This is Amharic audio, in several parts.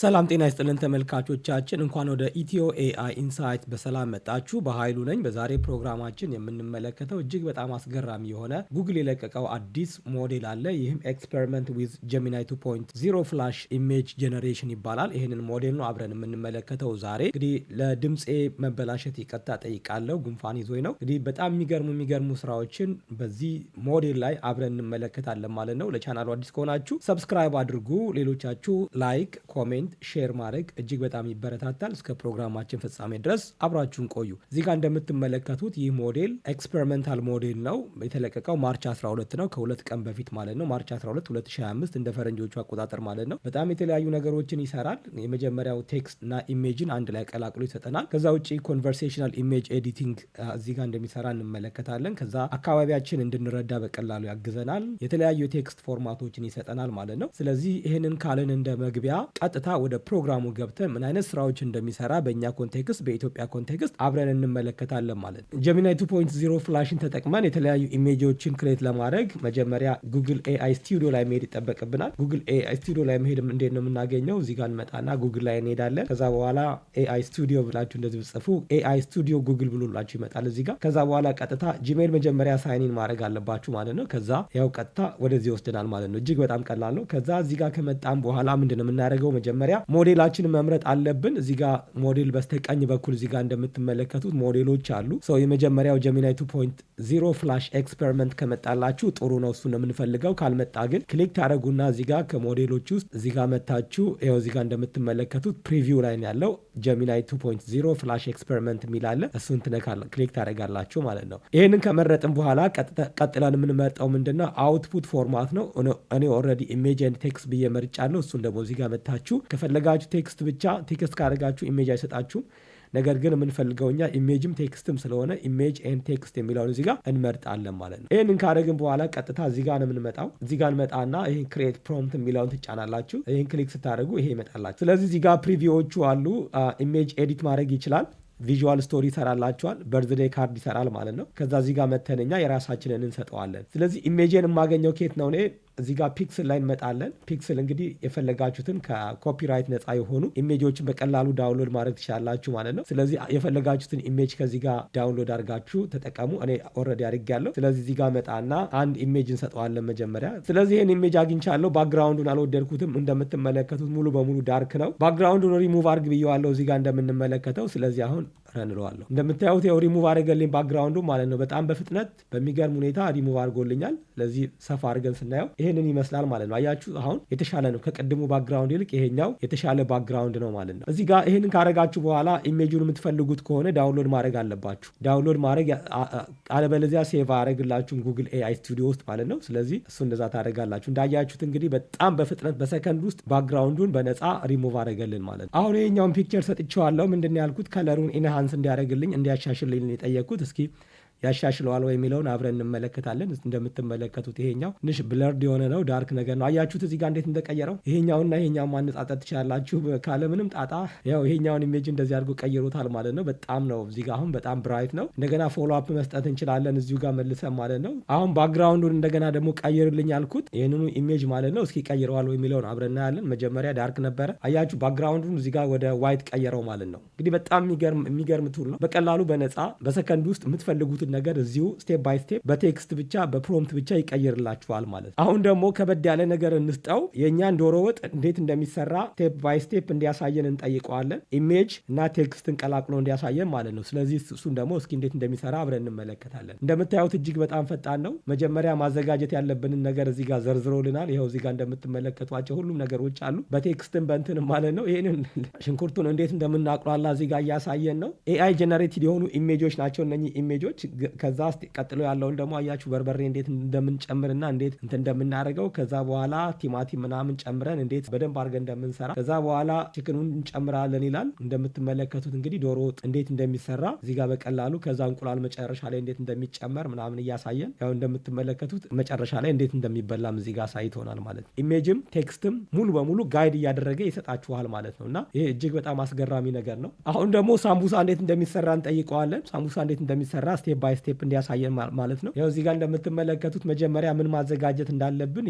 ሰላም ጤና ይስጥልን ተመልካቾቻችን፣ እንኳን ወደ ኢትዮ ኤአይ ኢንሳይት በሰላም መጣችሁ። በኃይሉ ነኝ። በዛሬ ፕሮግራማችን የምንመለከተው እጅግ በጣም አስገራሚ የሆነ ጉግል የለቀቀው አዲስ ሞዴል አለ። ይህም ኤክስፐሪመንት ዊዝ ጀሚናይ 2.0 ፍላሽ ኢሜጅ ጄኔሬሽን ይባላል። ይህንን ሞዴል ነው አብረን የምንመለከተው ዛሬ። እንግዲህ ለድምፄ መበላሸት ይቅርታ ጠይቃለሁ፣ ጉንፋን ይዞኝ ነው። እንግዲህ በጣም የሚገርሙ የሚገርሙ ስራዎችን በዚህ ሞዴል ላይ አብረን እንመለከታለን ማለት ነው። ለቻናሉ አዲስ ከሆናችሁ ሰብስክራይብ አድርጉ። ሌሎቻችሁ ላይክ፣ ኮሜንት ኮሜንት፣ ሼር ማድረግ እጅግ በጣም ይበረታታል። እስከ ፕሮግራማችን ፍጻሜ ድረስ አብራችሁን ቆዩ። እዚህ ጋር እንደምትመለከቱት ይህ ሞዴል ኤክስፐሪመንታል ሞዴል ነው። የተለቀቀው ማርች 12 ነው፣ ከሁለት ቀን በፊት ማለት ነው። ማርች 12 2025 እንደ ፈረንጆቹ አቆጣጠር ማለት ነው። በጣም የተለያዩ ነገሮችን ይሰራል። የመጀመሪያው ቴክስት እና ኢሜጅን አንድ ላይ ቀላቅሎ ይሰጠናል። ከዛ ውጭ ኮንቨርሴሽናል ኢሜጅ ኤዲቲንግ እዚህ ጋር እንደሚሰራ እንመለከታለን። ከዛ አካባቢያችን እንድንረዳ በቀላሉ ያግዘናል። የተለያዩ የቴክስት ፎርማቶችን ይሰጠናል ማለት ነው። ስለዚህ ይህንን ካልን እንደ መግቢያ ቀጥታ ወደ ፕሮግራሙ ገብተን ምን አይነት ስራዎች እንደሚሰራ በእኛ ኮንቴክስት በኢትዮጵያ ኮንቴክስት አብረን እንመለከታለን ማለት ነው። ጀሚናይ 2.0 ፍላሽን ተጠቅመን የተለያዩ ኢሜጆችን ክሬት ለማድረግ መጀመሪያ ጉግል ኤአይ ስቱዲዮ ላይ መሄድ ይጠበቅብናል። ጉግል ኤአይ ስቱዲዮ ላይ መሄድ እንዴት ነው የምናገኘው? እዚህ ጋር እንመጣና ጉግል ላይ እንሄዳለን። ከዛ በኋላ ኤአይ ስቱዲዮ ብላችሁ እንደዚህ ብጽፉ ኤአይ ስቱዲዮ ጉግል ብሎላችሁ ይመጣል እዚህ ጋር። ከዛ በኋላ ቀጥታ ጂሜል መጀመሪያ ሳይኒን ማድረግ አለባችሁ ማለት ነው። ከዛ ያው ቀጥታ ወደዚህ ይወስደናል ማለት ነው። እጅግ በጣም ቀላል ነው። ከዛ እዚህ ጋር ከመጣም በኋላ ምንድነው የምናደርገው መጀመሪያ መጀመሪያ ሞዴላችን መምረጥ አለብን። እዚህ ጋ ሞዴል በስተቀኝ በኩል እዚህ ጋ እንደምትመለከቱት ሞዴሎች አሉ። ሰው የመጀመሪያው ጀሚናይ 2.0 ፍላሽ ኤክስፐሪመንት ከመጣላችሁ ጥሩ ነው፣ እሱ ነው የምንፈልገው። ካልመጣ ግን ክሊክ ታደረጉና እዚህ ጋ ከሞዴሎች ውስጥ እዚህ ጋ መታችሁ፣ ይኸው እዚህ ጋ እንደምትመለከቱት ፕሪቪው ላይ ነው ያለው ጀሚናይ 2.0 ፍላሽ ኤክስፐሪመንት የሚላለ እሱን ትነካለ ክሊክ ታደረጋላችሁ ማለት ነው። ይህንን ከመረጥን በኋላ ቀጥለን የምንመርጠው ምንድነው አውትፑት ፎርማት ነው። እኔ ኦልሬዲ ኢሜጅ ኤንድ ቴክስት ብዬ መርጫለሁ። እሱን ደግሞ እዚህ ጋር መታችሁ ከፈለጋችሁ ቴክስት ብቻ ቴክስት ካደረጋችሁ ኢሜጅ አይሰጣችሁም። ነገር ግን የምንፈልገው እኛ ኢሜጅም ቴክስትም ስለሆነ ኢሜጅ ኤን ቴክስት የሚለውን እዚጋ እንመርጣለን ማለት ነው። ይህንን ካደረግን በኋላ ቀጥታ እዚጋ ነው የምንመጣው። እዚጋ እንመጣና ይህን ክሬት ፕሮምፕት የሚለውን ትጫናላችሁ። ይህን ክሊክ ስታደርጉ ይሄ ይመጣላችሁ። ስለዚህ እዚጋ ፕሪቪዎቹ አሉ። ኢሜጅ ኤዲት ማድረግ ይችላል። ቪዥዋል ስቶሪ ይሰራላችኋል። በርዝዴ ካርድ ይሰራል ማለት ነው። ከዛ እዚጋ መተንኛ የራሳችንን እንሰጠዋለን። ስለዚህ ኢሜጅን የማገኘው ኬት ነው እኔ እዚህ ጋር ፒክስል ላይ እንመጣለን። ፒክስል እንግዲህ የፈለጋችሁትን ከኮፒራይት ነፃ የሆኑ ኢሜጆችን በቀላሉ ዳውንሎድ ማድረግ ትችላላችሁ ማለት ነው። ስለዚህ የፈለጋችሁትን ኢሜጅ ከዚህ ጋር ዳውንሎድ አድርጋችሁ ተጠቀሙ። እኔ ኦልሬዲ አድርጌያለሁ። ስለዚህ እዚህ ጋር መጣና አንድ ኢሜጅ እንሰጠዋለን መጀመሪያ። ስለዚህ ይህን ኢሜጅ አግኝቻለሁ። ባክግራውንዱን አልወደድኩትም። እንደምትመለከቱት ሙሉ በሙሉ ዳርክ ነው። ባክግራውንዱን ሪሙቭ አድርግ ብየዋለሁ እዚህ ጋር እንደምንመለከተው። ስለዚህ አሁን ረንለዋለሁ እንደምታዩት ያው ሪሙቭ አድርገልኝ ባክግራውንዱ ማለት ነው። በጣም በፍጥነት በሚገርም ሁኔታ ሪሙቭ አድርጎልኛል። ስለዚህ ሰፋ አድርገን ስናየው ይህንን ይመስላል ማለት ነው። አያችሁ አሁን የተሻለ ነው። ከቅድሙ ባክግራውንድ ይልቅ ይሄኛው የተሻለ ባክግራውንድ ነው ማለት ነው። እዚህ ጋር ይህንን ካረጋችሁ በኋላ ኢሜጁን የምትፈልጉት ከሆነ ዳውንሎድ ማድረግ አለባችሁ። ዳውንሎድ ማድረግ አለበለዚያ ሴቭ አያደርግላችሁም ጉግል ኤአይ ስቱዲዮ ውስጥ ማለት ነው። ስለዚህ እሱ እንደዛ ታደርጋላችሁ። እንዳያችሁት እንግዲህ በጣም በፍጥነት በሰከንድ ውስጥ ባክግራውንዱን በነፃ ሪሙቭ አድርገልን ማለት ነው። አሁን ይሄኛውን ፒክቸር ሰጥቼዋለሁ። ምንድን ያልኩት ከለሩን ኢንሃ አንስ እንዲያደረግልኝ እንዲያሻሽልኝ የጠየቅኩት። እስኪ ያሻሽለዋል ወይ የሚለውን አብረን እንመለከታለን። እንደምትመለከቱት ይሄኛው ትንሽ ብለርድ የሆነ ነው፣ ዳርክ ነገር ነው። አያችሁት እዚህ ጋር እንዴት እንደቀየረው። ይሄኛውና ይሄኛው ማነጻጸር ትችላላችሁ ካለምንም ጣጣ። ያው ይሄኛውን ኢሜጅ እንደዚህ አድርጎ ቀይሮታል ማለት ነው። በጣም ነው እዚህ ጋር አሁን በጣም ብራይት ነው። እንደገና ፎሎ አፕ መስጠት እንችላለን እዚሁ ጋር መልሰን ማለት ነው። አሁን ባክግራውንዱን እንደገና ደግሞ ቀይርልኝ አልኩት ይህንኑ ኢሜጅ ማለት ነው። እስኪ ቀይረዋል ወይ የሚለውን አብረን እናያለን። መጀመሪያ ዳርክ ነበረ አያችሁ፣ ባክግራውንዱን እዚህ ጋር ወደ ዋይት ቀየረው ማለት ነው። እንግዲህ በጣም የሚገርም ቱል ነው። በቀላሉ በነፃ በሰከንድ ውስጥ የምትፈልጉትን ነገር እዚሁ ስቴፕ ባይ ስቴፕ በቴክስት ብቻ በፕሮምት ብቻ ይቀይርላችኋል ማለት። አሁን ደግሞ ከበድ ያለ ነገር እንስጠው። የእኛን ዶሮ ወጥ እንዴት እንደሚሰራ ስቴፕ ባይ ስቴፕ እንዲያሳየን እንጠይቀዋለን። ኢሜጅ እና ቴክስት እንቀላቅሎ እንዲያሳየን ማለት ነው። ስለዚህ እሱን ደግሞ እስኪ እንዴት እንደሚሰራ አብረን እንመለከታለን። እንደምታዩት እጅግ በጣም ፈጣን ነው። መጀመሪያ ማዘጋጀት ያለብንን ነገር እዚህ ጋር ዘርዝሮልናል። ይኸው እዚህ ጋር እንደምትመለከቷቸው ሁሉም ነገሮች አሉ፣ በቴክስትም በእንትንም ማለት ነው። ይህንን ሽንኩርቱን እንዴት እንደምናቁላላ እዚህ ጋር እያሳየን ነው። ኤአይ ጀነሬትድ የሆኑ ኢሜጆች ናቸው እነኚህ ኢሜጆች ከዛ ቀጥሎ ያለውን ደግሞ አያችሁ በርበሬ እንዴት እንደምንጨምርና እንዴት እንትን እንደምናደርገው ከዛ በኋላ ቲማቲም ምናምን ጨምረን እንዴት በደንብ አድርገን እንደምንሰራ ከዛ በኋላ ችክኑን እንጨምራለን ይላል። እንደምትመለከቱት እንግዲህ ዶሮ ወጥ እንዴት እንደሚሰራ እዚህ ጋር በቀላሉ ከዛ እንቁላል መጨረሻ ላይ እንዴት እንደሚጨመር ምናምን እያሳየን ያው እንደምትመለከቱት መጨረሻ ላይ እንዴት እንደሚበላም እዚህ ጋር አሳይቶናል ማለት ነው። ኢሜጅም ቴክስትም ሙሉ በሙሉ ጋይድ እያደረገ ይሰጣችኋል ማለት ነው እና ይህ እጅግ በጣም አስገራሚ ነገር ነው። አሁን ደግሞ ሳምቡሳ እንዴት እንደሚሰራ እንጠይቀዋለን። ሳምቡሳ እንዴት እንደሚሰራ ስቴፕ ባይ ባይ ስቴፕ እንዲያሳየን ማለት ነው። ያው እዚህ ጋር እንደምትመለከቱት መጀመሪያ ምን ማዘጋጀት እንዳለብን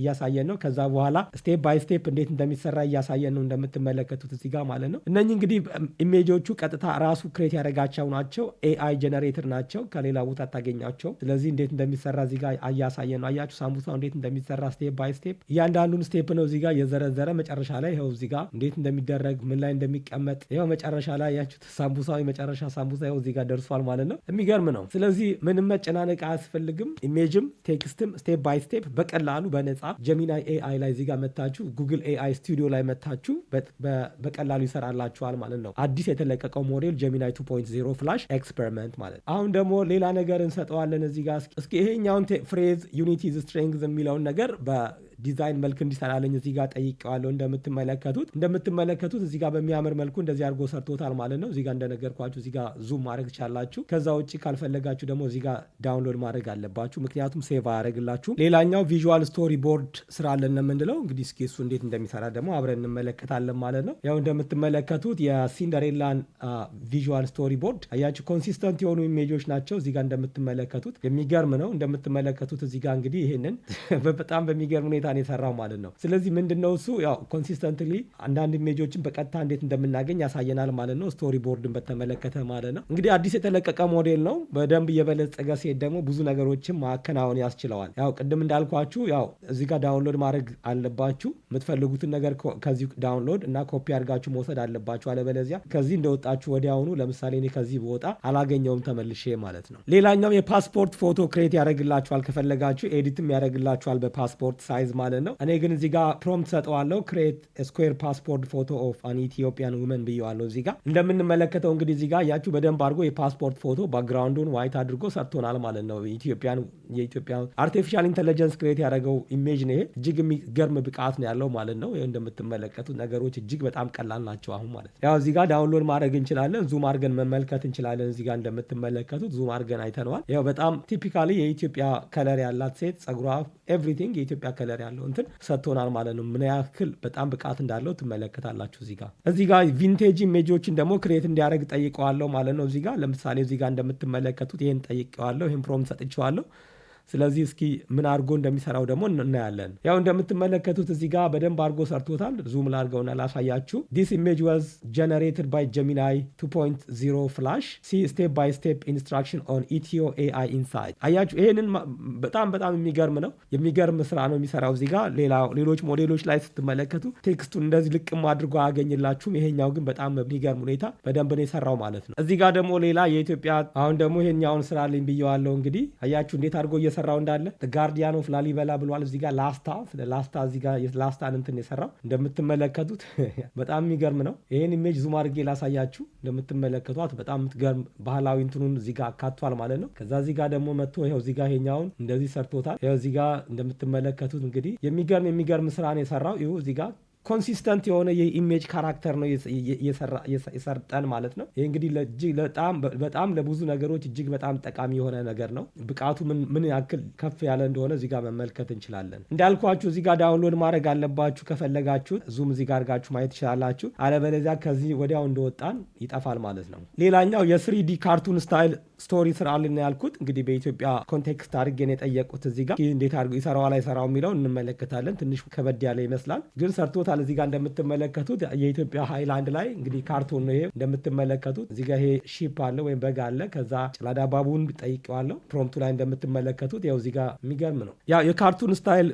እያሳየን ነው። ከዛ በኋላ ስቴፕ ባይ ስቴፕ እንዴት እንደሚሰራ እያሳየን ነው እንደምትመለከቱት እዚህ ጋር ማለት ነው። እነኚህ እንግዲህ ኢሜጆቹ ቀጥታ ራሱ ክሬት ያደረጋቸው ናቸው። ኤአይ ጀነሬተር ናቸው። ከሌላ ቦታ አታገኛቸው። ስለዚህ እንዴት እንደሚሰራ እዚህ ጋር እያሳየን ነው። አያችሁ ሳምቡሳ እንዴት እንደሚሰራ ስቴፕ ባይ ስቴፕ እያንዳንዱን ስቴፕ ነው እዚህ ጋር የዘረዘረ መጨረሻ ላይ ይኸው እዚህ ጋር እንዴት እንደሚደረግ ምን ላይ እንደሚቀመጥ ይኸው መጨረሻ ላይ ያችሁት ሳምቡሳ የመጨረሻ ሳምቡሳ ይኸው እዚህ ጋር ደርሷል ማለት ነው የሚገርም ነው። ስለዚህ ምንም መጨናነቅ አያስፈልግም። ኢሜጅም ቴክስትም ስቴፕ ባይ ስቴፕ በቀላሉ በነፃ ጀሚናይ ኤአይ ላይ ዚጋ መታችሁ ጉግል ኤአይ ስቱዲዮ ላይ መታችሁ በቀላሉ ይሰራላችኋል ማለት ነው። አዲስ የተለቀቀው ሞዴል ጀሚናይ 2.0 ፍላሽ ኤክስፐሪመንት ማለት ነው። አሁን ደግሞ ሌላ ነገር እንሰጠዋለን እዚህ ጋር እስኪ ይሄኛውን ፍሬዝ ዩኒቲ ስትሬንግዝ የሚለውን ነገር ዲዛይን መልክ እንዲሰራለኝ እዚህ ጋር ጠይቀዋለሁ። እንደምትመለከቱት እንደምትመለከቱት እዚህ ጋር በሚያምር መልኩ እንደዚህ አድርጎ ሰርቶታል ማለት ነው። እዚህ ጋር እንደነገርኳችሁ እዚህ ጋር ዙም ማድረግ ትችላላችሁ። ከዛ ውጭ ካልፈለጋችሁ ደግሞ እዚህ ጋር ዳውንሎድ ማድረግ አለባችሁ፣ ምክንያቱም ሴቭ አያደርግላችሁም። ሌላኛው ቪዥዋል ስቶሪ ቦርድ ስራ አለን ነው የምንለው። እንግዲህ እስኪ እሱ እንዴት እንደሚሰራ ደግሞ አብረን እንመለከታለን ማለት ነው። ያው እንደምትመለከቱት የሲንደሬላን ቪዥዋል ስቶሪ ቦርድ አያችሁ። ኮንሲስተንት የሆኑ ኢሜጆች ናቸው እዚህ ጋር እንደምትመለከቱት። የሚገርም ነው እንደምትመለከቱት እዚህ ጋር እንግዲህ ይህንን በጣም በሚገርም ሁኔታ ጋር የሰራው ማለት ነው። ስለዚህ ምንድነው እሱ ያው ኮንሲስተንትሊ አንዳንድ ኢሜጆችን በቀጥታ እንዴት እንደምናገኝ ያሳየናል ማለት ነው። ስቶሪ ቦርድን በተመለከተ ማለት ነው። እንግዲህ አዲስ የተለቀቀ ሞዴል ነው። በደንብ እየበለጸገ ሴት ደግሞ ብዙ ነገሮችን ማከናወን ያስችለዋል። ያው ቅድም እንዳልኳችሁ ያው እዚህ ጋር ዳውንሎድ ማድረግ አለባችሁ። የምትፈልጉትን ነገር ከዚህ ዳውንሎድ እና ኮፒ አድርጋችሁ መውሰድ አለባችሁ። አለበለዚያ ከዚህ እንደወጣችሁ ወዲያውኑ ለምሳሌ እኔ ከዚህ በወጣ አላገኘውም ተመልሼ ማለት ነው። ሌላኛው የፓስፖርት ፎቶ ክሬት ያደረግላችኋል። ከፈለጋችሁ ኤዲትም ያደረግላችኋል በፓስፖርት ሳይዝ ማለት ነው። እኔ ግን እዚህ ጋር ፕሮምፕት ሰጠዋለሁ። ክሬት ስኩዌር ፓስፖርት ፎቶ ኦፍ አን ኢትዮጵያን ውመን ብየዋለሁ። እዚህ ጋር እንደምንመለከተው እንግዲህ እዚህ ጋር እያችሁ በደንብ አድርጎ የፓስፖርት ፎቶ ባክግራውንዱን ዋይት አድርጎ ሰጥቶናል ማለት ነው። ኢትዮጵያን የኢትዮጵያ አርቲፊሻል ኢንቴሊጀንስ ክሬት ያደረገው ኢሜጅ ነው። ይሄ እጅግ የሚገርም ብቃት ነው ያለው ማለት ነው። እንደምትመለከቱት ነገሮች እጅግ በጣም ቀላል ናቸው አሁን ማለት ያው እዚህ ጋር ዳውንሎድ ማድረግ እንችላለን፣ ዙም አድርገን መመልከት እንችላለን። እዚህ ጋር እንደምትመለከቱት ዙም አድርገን አይተነዋል። ያው በጣም ቲፒካሊ የኢትዮጵያ ከለር ያላት ሴት ጸጉሯ ኤቭሪቲንግ የኢትዮጵያ ከለር ያለው እንትን ሰጥቶናል ማለት ነው። ምን ያክል በጣም ብቃት እንዳለው ትመለከታላችሁ። እዚህ ጋር እዚህ ጋር ቪንቴጅ ኢሜጆችን ደግሞ ክሬት እንዲያደርግ ጠይቀዋለሁ ማለት ነው። እዚህ ጋር ለምሳሌ እዚህ ጋር እንደምትመለከቱት ይህን ጠይቀዋለሁ፣ ይህን ፕሮም ሰጥቼዋለሁ። ስለዚህ እስኪ ምን አድርጎ እንደሚሰራው ደግሞ እናያለን። ያው እንደምትመለከቱት እዚህ ጋር በደንብ አድርጎ ሰርቶታል። ዙም ላድርገውና ላሳያችሁ። ዲስ ኢሜጅ ዋዝ ጀነሬትድ ባይ ጀሚናይ 2.0 ፍላሽ ሲ ስቴፕ ባይ ስቴፕ ኢንስትራክሽን ኦን ኢትዮ ኤአይ ኢንሳይት። አያችሁ፣ ይህንን በጣም በጣም የሚገርም ነው። የሚገርም ስራ ነው የሚሰራው እዚህ ጋር። ሌሎች ሞዴሎች ላይ ስትመለከቱ ቴክስቱን እንደዚህ ልቅም አድርጎ አያገኝላችሁም። ይሄኛው ግን በጣም በሚገርም ሁኔታ በደንብ ነው የሰራው ማለት ነው። እዚህ ጋር ደግሞ ሌላ የኢትዮጵያ አሁን ደግሞ ይሄኛውን ስራ ልኝ ብየዋለው። እንግዲህ አያችሁ እንዴት አድርጎ እየ የሰራው እንዳለ ጋርዲያን ኦፍ ላሊበላ ብሏል። እዚህ ጋር ላስታ ላስታ እዚህ ጋር ላስታን እንትን የሰራው እንደምትመለከቱት በጣም የሚገርም ነው። ይህን ኢሜጅ ዙም አድርጌ ላሳያችሁ። እንደምትመለከቷት በጣም የምትገርም ባህላዊ እንትኑን እዚህ ጋር አካቷል ማለት ነው። ከዛ እዚህ ጋር ደግሞ መጥቶ ይኸው እዚህ ጋር ይሄኛውን እንደዚህ ሰርቶታል። ይኸው እዚህ ጋር እንደምትመለከቱት እንግዲህ የሚገርም የሚገርም ስራ ነው የሰራው። ይኸው እዚህ ጋር ኮንሲስተንት የሆነ የኢሜጅ ካራክተር ነው የሰርጠን ማለት ነው። ይህ እንግዲህ በጣም ለብዙ ነገሮች እጅግ በጣም ጠቃሚ የሆነ ነገር ነው። ብቃቱ ምን ያክል ከፍ ያለ እንደሆነ ጋር መመልከት እንችላለን። እንዳልኳችሁ እዚጋ ዳውንሎድ ማድረግ አለባችሁ ከፈለጋችሁ ዙም ጋር አድርጋችሁ ማየት ትችላላችሁ። አለበለዚያ ከዚህ ወዲያው እንደወጣን ይጠፋል ማለት ነው። ሌላኛው የስሪዲ ካርቱን ስታይል ስቶሪ ስራልን ያልኩት እንግዲህ በኢትዮጵያ ኮንቴክስት አድርጌን የጠየቁት እዚጋ እንዴት አድርጎ ይሰራዋል አይሰራው የሚለው እንመለከታለን። ትንሽ ከበድ ያለ ይመስላል ግን ሰርቶ አድርገውታል። እዚጋ እንደምትመለከቱት የኢትዮጵያ ሃይላንድ ላይ እንግዲህ ካርቱን ነው ይሄ እንደምትመለከቱት። እዚጋ ይሄ ሺፕ አለ ወይም በግ አለ። ከዛ ጭላዳ ባቡን ጠይቀዋለሁ። ፕሮምቱ ላይ እንደምትመለከቱት ያው እዚጋ የሚገርም ነው ያው የካርቱን ስታይል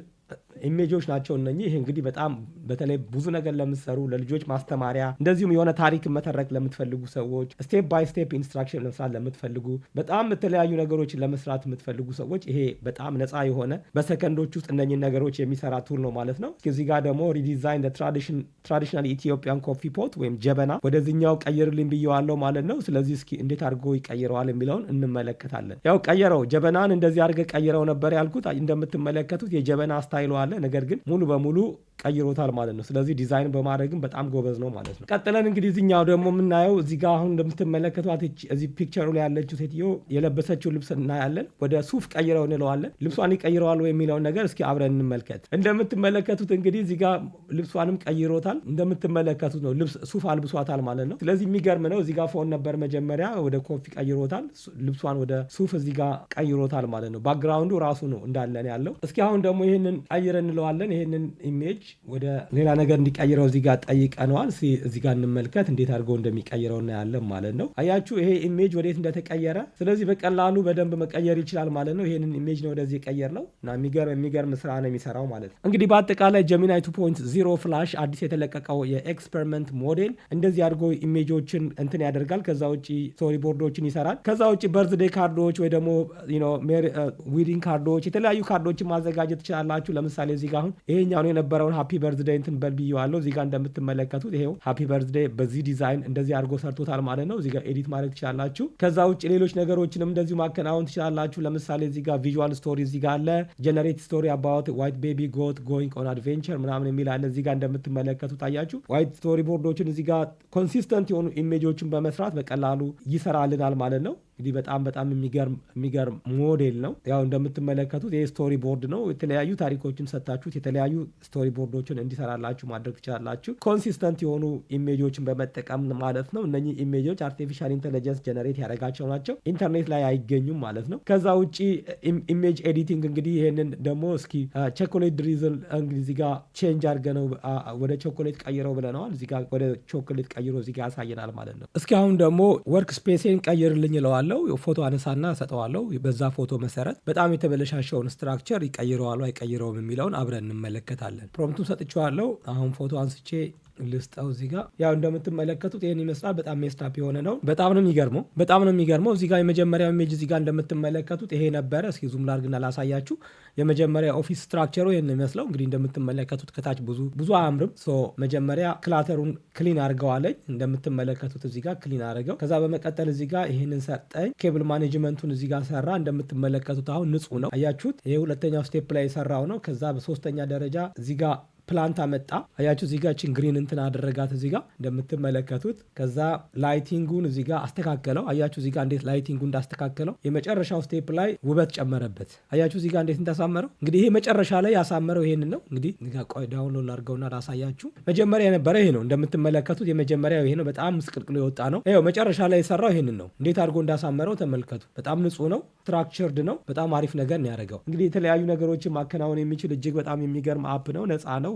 ኢሜጆች ናቸው እነኚህ። ይህ እንግዲህ በጣም በተለይ ብዙ ነገር ለምትሰሩ ለልጆች ማስተማሪያ፣ እንደዚሁም የሆነ ታሪክ መተረክ ለምትፈልጉ ሰዎች ስቴፕ ባይ ስቴፕ ኢንስትራክሽን ለመስራት ለምትፈልጉ በጣም የተለያዩ ነገሮችን ለመስራት የምትፈልጉ ሰዎች ይሄ በጣም ነፃ የሆነ በሰከንዶች ውስጥ እነኚህ ነገሮች የሚሰራ ቱል ነው ማለት ነው። እዚህ ጋር ደግሞ ሪዲዛይን ትራዲሽናል ኢትዮጵያን ኮፊ ፖት ወይም ጀበና ወደዚህኛው ቀይርልኝ ብየዋለው ማለት ነው። ስለዚህ እስኪ እንዴት አድርጎ ይቀይረዋል የሚለውን እንመለከታለን። ያው ቀየረው ጀበናን እንደዚህ አድርገ ቀይረው ነበር ያልኩት። እንደምትመለከቱት የጀበና ስታይል አለ። ነገር ግን ሙሉ በሙሉ ቀይሮታል ማለት ነው። ስለዚህ ዲዛይን በማድረግም በጣም ጎበዝ ነው ማለት ነው። ቀጥለን እንግዲህ እዚኛው ደግሞ የምናየው እዚህ ጋር አሁን እንደምትመለከቷት እዚህ ፒክቸሩ ላይ ያለችው ሴትዮ የለበሰችው ልብስ እናያለን። ወደ ሱፍ ቀይረው እንለዋለን። ልብሷን ይቀይረዋል የሚለውን ነገር እስኪ አብረን እንመልከት። እንደምትመለከቱት እንግዲህ እዚህ ጋር ልብሷንም ቀይሮታል። እንደምትመለከቱት ነው ልብስ ሱፍ አልብሷታል ማለት ነው። ስለዚህ የሚገርም ነው። እዚህ ጋር ፎን ነበር መጀመሪያ ወደ ኮፊ ቀይሮታል። ልብሷን ወደ ሱፍ እዚህ ጋር ቀይሮታል ማለት ነው። ባክግራውንዱ ራሱ ነው እንዳለን ያለው። እስኪ አሁን ደግሞ ይህንን ቀይረ እንለዋለን። ይህንን ኢሜጅ ወደ ሌላ ነገር እንዲቀይረው እዚህ ጋር ጠይቀነዋል። እዚህ ጋር እንመልከት እንዴት አድርገው እንደሚቀይረው እናያለን ማለት ነው። አያችሁ ይሄ ኢሜጅ ወዴት እንደተቀየረ። ስለዚህ በቀላሉ በደንብ መቀየር ይችላል ማለት ነው። ይሄንን ኢሜጅ ነው ወደዚህ የቀየር ነው እና የሚገርም ስራ ነው የሚሰራው ማለት ነው። እንግዲህ በአጠቃላይ ጀሚናይ 2.0 ፍላሽ አዲስ የተለቀቀው የኤክስፐሪመንት ሞዴል እንደዚህ አድርጎ ኢሜጆችን እንትን ያደርጋል። ከዛ ውጭ ስቶሪ ቦርዶችን ይሰራል። ከዛ ውጭ በርዝዴ ካርዶች ወይ ደግሞ ዊዲንግ uh, ካርዶች፣ የተለያዩ ካርዶችን ማዘጋጀት ትችላላችሁ። ለምሳሌ እዚህ ጋር አሁን ነው የነበረውን ሀፒ በርዝዴ እንትን በል ብዬዋለሁ። እዚህ ጋር እንደምትመለከቱት ይሄው ሀፒ በርዝዴ በዚህ ዲዛይን እንደዚህ አድርጎ ሰርቶታል ማለት ነው። እዚጋ ኤዲት ማድረግ ትችላላችሁ። ከዛ ውጭ ሌሎች ነገሮችንም እንደዚሁ ማከናወን ትችላላችሁ። ለምሳሌ እዚጋ ቪዥዋል ስቶሪ እዚጋ አለ። ጀነሬት ስቶሪ አባውት ዋይት ቤቢ ጎት ጎይንግ ኦን አድቬንቸር ምናምን የሚል አለ። እዚህ እንደምትመለከቱት አያችሁ። ዋይት ስቶሪ ቦርዶችን እዚጋ ኮንሲስተንት የሆኑ ኢሜጆችን በመስራት በቀላሉ ይሰራልናል ማለት ነው። እንግዲህ በጣም በጣም የሚገርም ሞዴል ነው። ያው እንደምትመለከቱት ይህ ስቶሪ ቦርድ ነው። የተለያዩ ታሪኮችን ሰታችሁት የተለያዩ ስቶሪ ቦርዶችን እንዲሰራላችሁ ማድረግ ትችላላችሁ። ኮንሲስተንት የሆኑ ኢሜጆችን በመጠቀም ማለት ነው። እነኚህ ኢሜጆች አርቲፊሻል ኢንቴሊጀንስ ጀነሬት ያደረጋቸው ናቸው። ኢንተርኔት ላይ አይገኙም ማለት ነው። ከዛ ውጭ ኢሜጅ ኤዲቲንግ እንግዲህ ይህንን ደግሞ እስኪ ቸኮሌት ድሪዝል እንግዲህ እዚጋ ቼንጅ አድርገነው ወደ ቸኮሌት ቀይረው ብለነዋል። እዚጋ ወደ ቸኮሌት ቀይሮ እዚጋ ያሳየናል ማለት ነው። እስኪ አሁን ደግሞ ወርክ ስፔሴን ቀይርልኝ ይለዋል አለው፣ ፎቶ አነሳና ሰጠዋለው። በዛ ፎቶ መሰረት በጣም የተበለሻሸውን ስትራክቸር ይቀይረዋሉ አይቀይረውም የሚለውን አብረን እንመለከታለን። ፕሮምቱን ሰጥቼዋለሁ። አሁን ፎቶ አንስቼ ልስጠው እዚህ ጋ ያው እንደምትመለከቱት ይህን ይመስላል። በጣም ሜስታፕ የሆነ ነው። በጣም ነው የሚገርመው። በጣም ነው የሚገርመው። እዚህ ጋ የመጀመሪያው ኢሜጅ እዚህ ጋ እንደምትመለከቱት ይሄ ነበረ። እስኪ ዙም ላርግና ላሳያችሁ። የመጀመሪያ ኦፊስ ስትራክቸሩ ይህን ይመስለው እንግዲህ እንደምትመለከቱት ከታች ብዙ ብዙ አያምርም። ሶ መጀመሪያ ክላተሩን ክሊን አድርገዋለኝ እንደምትመለከቱት እዚህ ጋ ክሊን አድርገው ከዛ በመቀጠል እዚህ ጋ ይህንን ሰጠኝ። ኬብል ማኔጅመንቱን እዚህ ጋ ሰራ። እንደምትመለከቱት አሁን ንጹህ ነው። አያችሁት? ይሄ ሁለተኛው ስቴፕ ላይ የሰራው ነው። ከዛ በሶስተኛ ደረጃ እዚህ ጋ ፕላንት አመጣ። አያችሁ እዚህ ጋር ግሪን እንትን አደረጋት እዚህ ጋር እንደምትመለከቱት። ከዛ ላይቲንጉን እዚህ ጋር አስተካከለው። አያችሁ እዚህ ጋር እንዴት ላይቲንጉ እንዳስተካከለው። የመጨረሻው ስቴፕ ላይ ውበት ጨመረበት። አያችሁ እዚህ ጋር እንዴት እንዳሳመረው። እንግዲህ ይሄ መጨረሻ ላይ ያሳመረው ይሄንን ነው። እንግዲህ ቆይ ዳውንሎድ አድርገውና ላሳያችሁ። መጀመሪያ የነበረ ይሄ ነው እንደምትመለከቱት። የመጀመሪያው ይሄ ነው። በጣም ምስቅልቅሎ የወጣ ነው። ይኸው መጨረሻ ላይ የሰራው ይሄንን ነው። እንዴት አድርጎ እንዳሳመረው ተመልከቱ። በጣም ንጹህ ነው። ስትራክቸርድ ነው። በጣም አሪፍ ነገር ነው ያደረገው። እንግዲህ የተለያዩ ነገሮችን ማከናወን የሚችል እጅግ በጣም የሚገርም አፕ ነው። ነፃ ነው።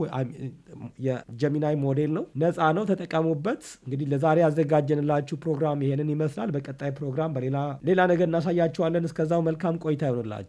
የጀሚናይ ሞዴል ነው። ነፃ ነው፣ ተጠቀሙበት። እንግዲህ ለዛሬ ያዘጋጀንላችሁ ፕሮግራም ይሄንን ይመስላል። በቀጣይ ፕሮግራም በሌላ ሌላ ነገር እናሳያችኋለን። እስከዛው መልካም ቆይታ ይሆንላችሁ።